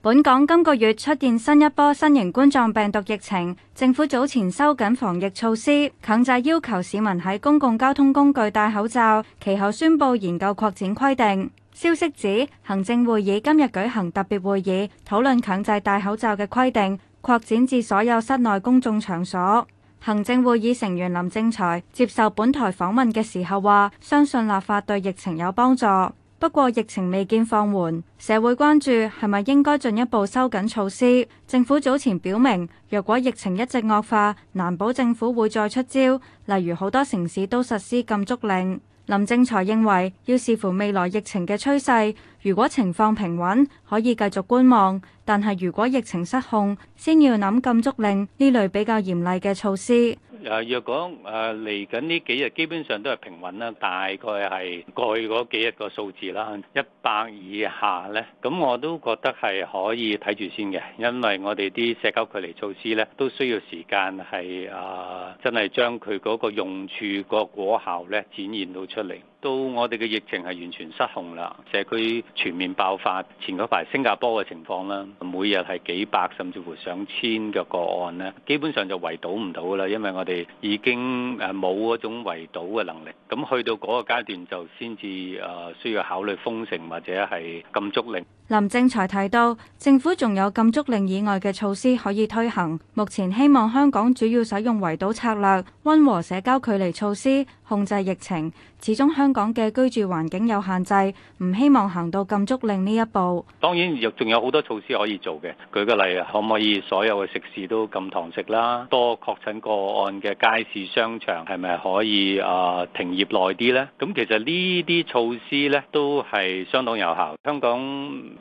本港今個月出現新一波新型冠狀病毒疫情，政府早前收緊防疫措施，強制要求市民喺公共交通工具戴口罩。其後宣佈研究擴展規定。消息指，行政會議今日舉行特別會議，討論強制戴口罩嘅規定擴展至所有室內公眾場所。行政會議成員林正財接受本台訪問嘅時候話，相信立法對疫情有幫助。不過疫情未見放緩，社會關注係咪應該進一步收緊措施？政府早前表明，若果疫情一直惡化，難保政府會再出招，例如好多城市都實施禁足令。林正財認為要視乎未來疫情嘅趨勢，如果情況平穩，可以繼續觀望；但係如果疫情失控，先要諗禁足令呢類比較嚴厲嘅措施。誒若果誒嚟緊呢幾日基本上都係平穩啦，大概係過去嗰幾日個數字啦，一百以下呢，咁我都覺得係可以睇住先嘅，因為我哋啲社交距離措施呢都需要時間係誒、啊、真係將佢嗰個用處個果效呢展現到出嚟。到我哋嘅疫情係完全失控啦，社區全面爆發。前嗰排新加坡嘅情況啦，每日係幾百、甚至乎上千嘅個案咧，基本上就圍堵唔到啦，因為我哋已經誒冇嗰種圍堵嘅能力。咁去到嗰個階段就先至誒需要考慮封城或者係禁足令。林正財提到，政府仲有禁足令以外的措施可以推行，目前希望香港主要使用圍堵策略，溫和社交距離措施，控制疫情，始終香港的居住環境有限制，唔希望行到禁足令呢一步。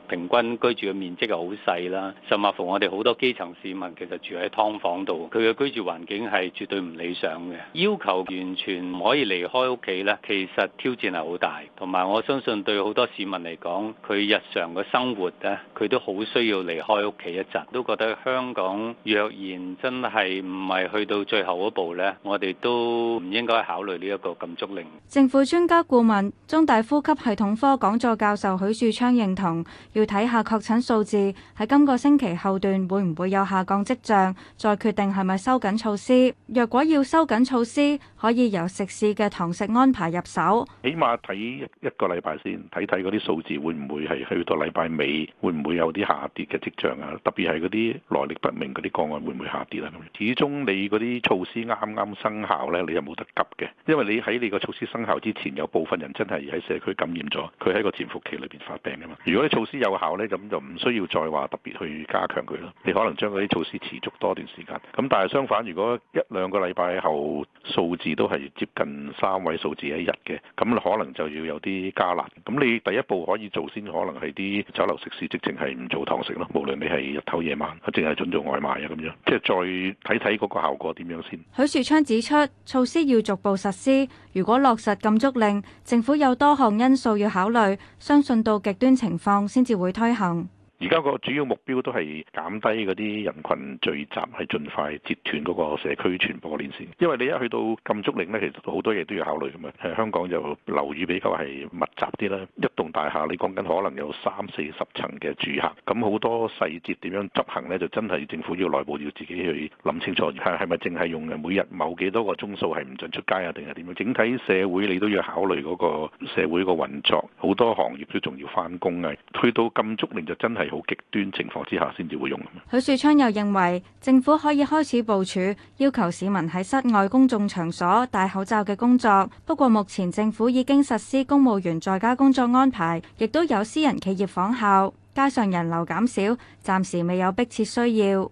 平均居住嘅面積又好細啦，甚至乎我哋好多基層市民其實住喺劏房度，佢嘅居住環境係絕對唔理想嘅。要求完全唔可以離開屋企咧，其實挑戰係好大，同埋我相信對好多市民嚟講，佢日常嘅生活咧，佢都好需要離開屋企一陣，都覺得香港若然真係唔係去到最後一步咧，我哋都唔應該考慮呢一個禁足令。政府專家顧問、中大呼吸系統科講座教授許樹昌認同。要睇下確診數字喺今個星期後段會唔會有下降跡象，再決定係咪收緊措施。若果要收緊措施，可以由食肆嘅堂食安排入手。起碼睇一個禮拜先，睇睇嗰啲數字會唔會係去到禮拜尾會唔會有啲下跌嘅跡象啊？特別係嗰啲來歷不明嗰啲個案會唔會下跌呀？始終你嗰啲措施啱啱生效咧，你又冇得急嘅，因為你喺你個措施生效之前，有部分人真係喺社區感染咗，佢喺個潛伏期裏邊發病噶嘛。如果你措施，有效咧，咁就唔需要再話特別去加強佢咯。你可能將嗰啲措施持續多段時間，咁但係相反，如果一兩個禮拜後數字都係接近三位數字一日嘅，咁可能就要有啲加辣。咁你第一步可以做先，可能係啲酒樓食肆直情係唔做堂食咯。無論你係日頭夜晚，淨係准做外賣啊，咁樣即係再睇睇嗰個效果點樣先。許樹昌指出，措施要逐步實施。如果落實禁足令，政府有多項因素要考慮，相信到極端情況，先至會推行。而家個主要目標都係減低嗰啲人群聚集，係盡快截斷嗰個社區傳播鏈線。因為你一去到禁足令呢，其實好多嘢都要考慮㗎嘛。誒，香港就樓宇比較係密集啲啦，一棟大廈你講緊可能有三四十層嘅住客，咁好多細節點樣執行呢？就真係政府要內部要自己去諗清楚。係係咪淨係用每日某幾多個鐘數係唔准出街啊？定係點樣？整體社會你都要考慮嗰個社會個運作，好多行業都仲要翻工啊。去到禁足令就真係～好極端情況之下先至會用。許樹昌又認為政府可以開始部署要求市民喺室外公眾場所戴口罩嘅工作，不過目前政府已經實施公務員在家工作安排，亦都有私人企業仿效，街上人流減少，暫時未有迫切需要。